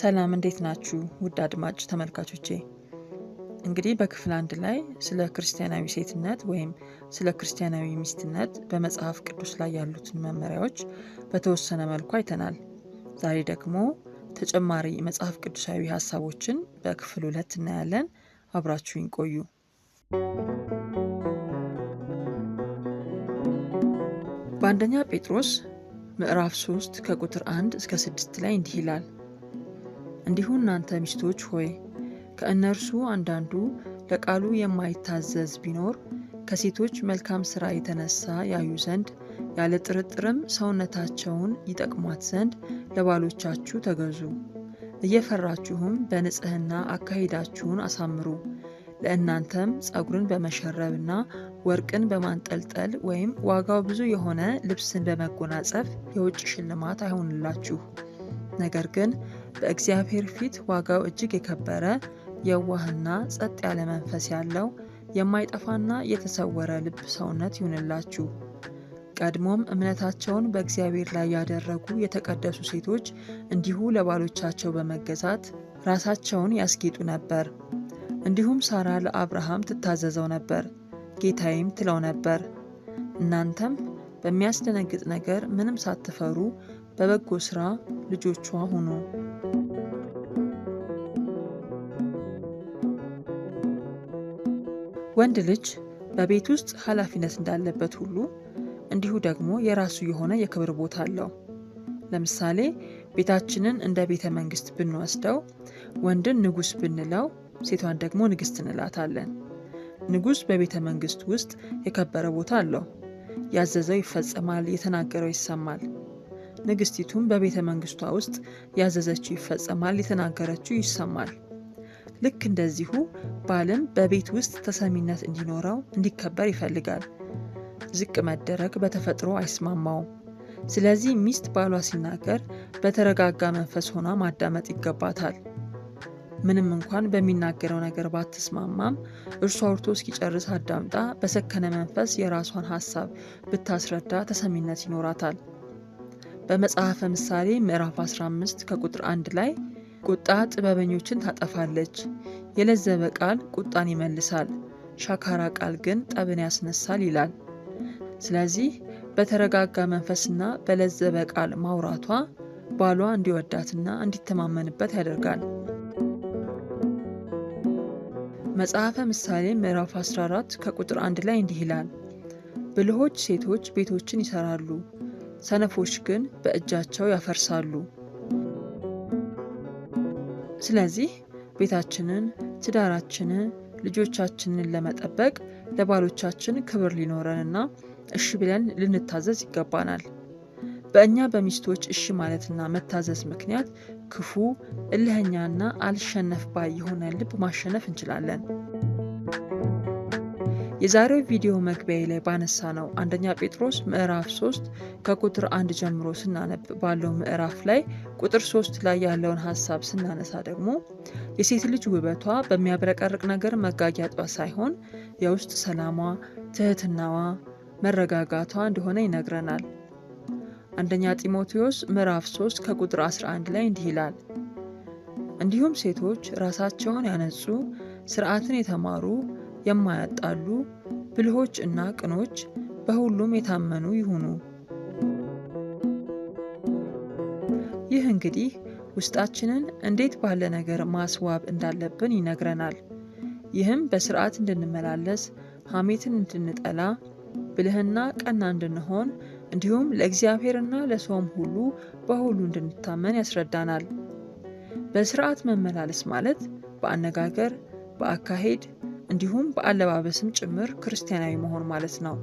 ሰላም እንዴት ናችሁ? ውድ አድማጭ ተመልካቾቼ እንግዲህ በክፍል አንድ ላይ ስለ ክርስቲያናዊ ሴትነት ወይም ስለ ክርስቲያናዊ ሚስትነት በመጽሐፍ ቅዱስ ላይ ያሉትን መመሪያዎች በተወሰነ መልኩ አይተናል። ዛሬ ደግሞ ተጨማሪ መጽሐፍ ቅዱሳዊ ሀሳቦችን በክፍል ሁለት እናያለን። አብራችሁ ይንቆዩ። በአንደኛ ጴጥሮስ ምዕራፍ 3 ከቁጥር 1 እስከ 6 ላይ እንዲህ ይላል እንዲሁ እናንተ ሚስቶች ሆይ ከእነርሱ አንዳንዱ ለቃሉ የማይታዘዝ ቢኖር ከሴቶች መልካም ሥራ የተነሳ ያዩ ዘንድ ያለ ጥርጥርም ሰውነታቸውን ይጠቅሟት ዘንድ ለባሎቻችሁ ተገዙ። እየፈራችሁም በንጽህና አካሄዳችሁን አሳምሩ። ለእናንተም ጸጉርን በመሸረብና ወርቅን በማንጠልጠል ወይም ዋጋው ብዙ የሆነ ልብስን በመጎናጸፍ የውጭ ሽልማት አይሆንላችሁ። ነገር ግን በእግዚአብሔር ፊት ዋጋው እጅግ የከበረ የዋህና ጸጥ ያለ መንፈስ ያለው የማይጠፋና የተሰወረ ልብ ሰውነት ይሁንላችሁ። ቀድሞም እምነታቸውን በእግዚአብሔር ላይ ያደረጉ የተቀደሱ ሴቶች እንዲሁ ለባሎቻቸው በመገዛት ራሳቸውን ያስጌጡ ነበር። እንዲሁም ሳራ ለአብርሃም ትታዘዘው ነበር፣ ጌታዬም ትለው ነበር። እናንተም በሚያስደነግጥ ነገር ምንም ሳትፈሩ በበጎ ሥራ ልጆቿ ሁኑ። ወንድ ልጅ በቤት ውስጥ ኃላፊነት እንዳለበት ሁሉ እንዲሁ ደግሞ የራሱ የሆነ የክብር ቦታ አለው። ለምሳሌ ቤታችንን እንደ ቤተ መንግስት ብንወስደው ወንድን ንጉስ ብንለው፣ ሴቷን ደግሞ ንግስት እንላታለን። ንጉስ በቤተ መንግስት ውስጥ የከበረ ቦታ አለው። ያዘዘው ይፈጸማል፣ የተናገረው ይሰማል። ንግስቲቱም በቤተ መንግስቷ ውስጥ ያዘዘችው ይፈጸማል፣ የተናገረችው ይሰማል። ልክ እንደዚሁ ባልም በቤት ውስጥ ተሰሚነት እንዲኖረው እንዲከበር ይፈልጋል። ዝቅ መደረግ በተፈጥሮ አይስማማውም። ስለዚህ ሚስት ባሏ ሲናገር በተረጋጋ መንፈስ ሆና ማዳመጥ ይገባታል። ምንም እንኳን በሚናገረው ነገር ባትስማማም እርሷ አውርቶ እስኪጨርስ አዳምጣ በሰከነ መንፈስ የራሷን ሀሳብ ብታስረዳ ተሰሚነት ይኖራታል። በመጽሐፈ ምሳሌ ምዕራፍ 15 ከቁጥር 1 ላይ ቁጣ ጥበበኞችን ታጠፋለች። የለዘበ ቃል ቁጣን ይመልሳል፣ ሻካራ ቃል ግን ጠብን ያስነሳል ይላል። ስለዚህ በተረጋጋ መንፈስና በለዘበ ቃል ማውራቷ ባሏ እንዲወዳትና እንዲተማመንበት ያደርጋል። መጽሐፈ ምሳሌ ምዕራፍ 14 ከቁጥር 1 ላይ እንዲህ ይላል፣ ብልሆች ሴቶች ቤቶችን ይሰራሉ፣ ሰነፎች ግን በእጃቸው ያፈርሳሉ። ስለዚህ ቤታችንን፣ ትዳራችንን፣ ልጆቻችንን ለመጠበቅ ለባሎቻችን ክብር ሊኖረንና እሺ ብለን ልንታዘዝ ይገባናል። በእኛ በሚስቶች እሺ ማለትና መታዘዝ ምክንያት ክፉ፣ እልህኛና አልሸነፍ ባይ የሆነ ልብ ማሸነፍ እንችላለን። የዛሬው ቪዲዮ መግቢያ ላይ ባነሳ ነው አንደኛ ጴጥሮስ ምዕራፍ 3 ከቁጥር አንድ ጀምሮ ስናነብ ባለው ምዕራፍ ላይ ቁጥር ሶስት ላይ ያለውን ሀሳብ ስናነሳ ደግሞ የሴት ልጅ ውበቷ በሚያብረቀርቅ ነገር መጋጊያጧ ሳይሆን የውስጥ ሰላሟ፣ ትህትናዋ፣ መረጋጋቷ እንደሆነ ይነግረናል። አንደኛ ጢሞቴዎስ ምዕራፍ 3 ከቁጥር 11 ላይ እንዲህ ይላል፣ እንዲሁም ሴቶች ራሳቸውን ያነጹ፣ ስርዓትን የተማሩ፣ የማያጣሉ፣ ብልሆች እና ቅኖች፣ በሁሉም የታመኑ ይሁኑ ይህ እንግዲህ ውስጣችንን እንዴት ባለ ነገር ማስዋብ እንዳለብን ይነግረናል። ይህም በስርዓት እንድንመላለስ፣ ሐሜትን እንድንጠላ፣ ብልህና ቀና እንድንሆን እንዲሁም ለእግዚአብሔርና ለሰውም ሁሉ በሁሉ እንድንታመን ያስረዳናል። በስርዓት መመላለስ ማለት በአነጋገር፣ በአካሄድ እንዲሁም በአለባበስም ጭምር ክርስቲያናዊ መሆን ማለት ነው።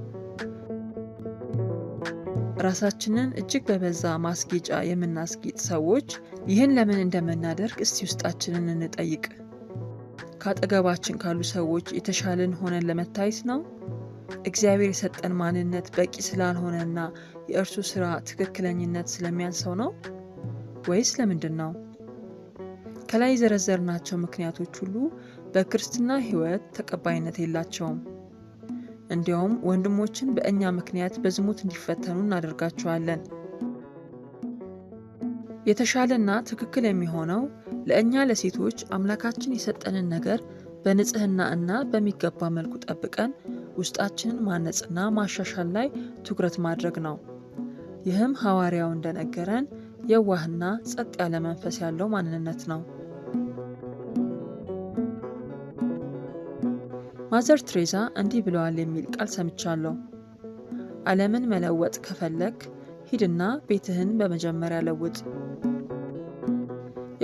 ራሳችንን እጅግ በበዛ ማስጌጫ የምናስጌጥ ሰዎች ይህን ለምን እንደምናደርግ እስቲ ውስጣችንን እንጠይቅ። ከአጠገባችን ካሉ ሰዎች የተሻልን ሆነን ለመታየት ነው? እግዚአብሔር የሰጠን ማንነት በቂ ስላልሆነና የእርሱ ስራ ትክክለኝነት ስለሚያንሰው ነው ወይስ ለምንድን ነው? ከላይ የዘረዘርናቸው ምክንያቶች ሁሉ በክርስትና ሕይወት ተቀባይነት የላቸውም። እንዲያውም ወንድሞችን በእኛ ምክንያት በዝሙት እንዲፈተኑ እናደርጋቸዋለን። የተሻለና ትክክል የሚሆነው ለእኛ ለሴቶች አምላካችን የሰጠንን ነገር በንጽህና እና በሚገባ መልኩ ጠብቀን ውስጣችንን ማነጽና ማሻሻል ላይ ትኩረት ማድረግ ነው። ይህም ሐዋርያው እንደነገረን የዋህና ጸጥ ያለ መንፈስ ያለው ማንነት ነው። ማዘር ትሬዛ እንዲህ ብለዋል የሚል ቃል ሰምቻለሁ። ዓለምን መለወጥ ከፈለግ ሂድና ቤትህን በመጀመሪያ ለውጥ።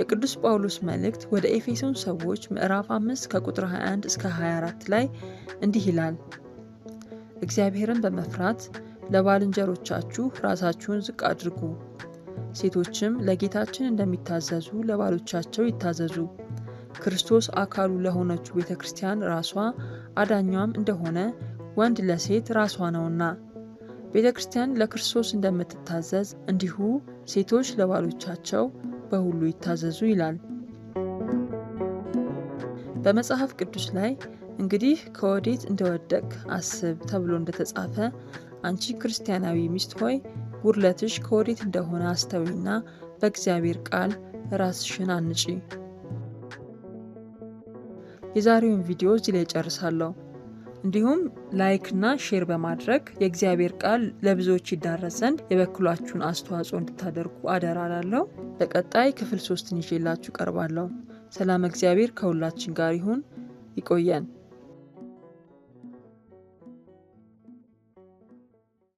የቅዱስ ጳውሎስ መልእክት ወደ ኤፌሶን ሰዎች ምዕራፍ 5 ከቁጥር 21 እስከ 24 ላይ እንዲህ ይላል፣ እግዚአብሔርን በመፍራት ለባልንጀሮቻችሁ ራሳችሁን ዝቅ አድርጉ፣ ሴቶችም ለጌታችን እንደሚታዘዙ ለባሎቻቸው ይታዘዙ ክርስቶስ አካሉ ለሆነችው ቤተ ክርስቲያን ራሷ አዳኛዋም እንደሆነ ወንድ ለሴት ራሷ ነውና። ቤተ ክርስቲያን ለክርስቶስ እንደምትታዘዝ እንዲሁ ሴቶች ለባሎቻቸው በሁሉ ይታዘዙ ይላል። በመጽሐፍ ቅዱስ ላይ እንግዲህ ከወዴት እንደወደቅ አስብ ተብሎ እንደተጻፈ አንቺ ክርስቲያናዊ ሚስት ሆይ ጉድለትሽ ከወዴት እንደሆነ አስተዊና በእግዚአብሔር ቃል ራስሽን አንጪ የዛሬውን ቪዲዮ እዚህ ላይ ጨርሳለሁ። እንዲሁም ላይክና ሼር በማድረግ የእግዚአብሔር ቃል ለብዙዎች ይዳረስ ዘንድ የበኩላችሁን አስተዋጽኦ እንድታደርጉ አደራላለሁ። በቀጣይ ክፍል ሶስትን ይዤላችሁ ቀርባለሁ። ሰላም፣ እግዚአብሔር ከሁላችን ጋር ይሁን። ይቆየን።